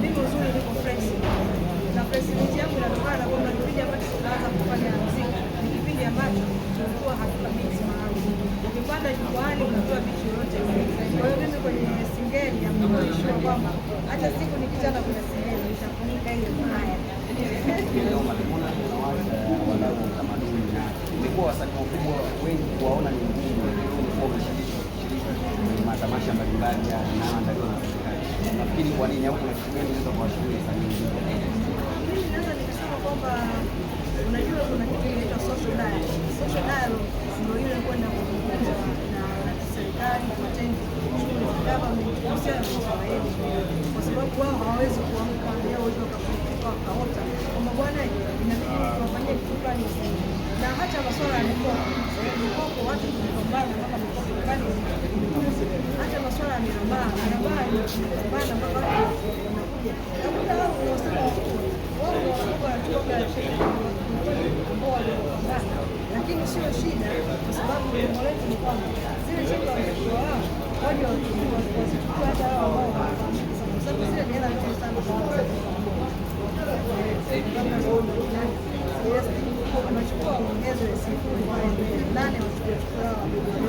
vimo zuri viko fresh na flexibility yangu inatokana na kwamba kipindi ambacho tunaanza kufanya muziki ni kipindi ambacho tulikuwa hatuka biti maalum. Ukipanda jukwaani unatoa biti kwenye singeli ambaoishua kwamba hata siku nikichana kuna singeli nitafunika ile haya imekuwa wasanii wakubwa wengi kuwaona ni ngumu, umeshiriki matamasha mbalimbali yanayoandaliwa na nafikiri kwa nini au inaweza kuwashauri Mimi naweza nikasema kwamba unajua kuna kitu kinaitwa social dialogue. Social dialogue ndio ile kwenda kuzungumza na serikali, matendo shughuli za government kuhusiana na mambo ya kwa sababu wao hawawezi kuamka leo hiyo wakaota kwamba bwana, inabidi tuwafanyie kitu fulani, na hata masuala ya mikopo, mikopo watu tunapambana mpaka mikopo lakini sio shida, kwa sababu lengo letu ni kwamba zile cheki watakiwa wao waje wazichukua hata hao ambao kwa sababu zile ni hela nyingi sana kwa watu wanachukua waongeze siku nane wachukue chukua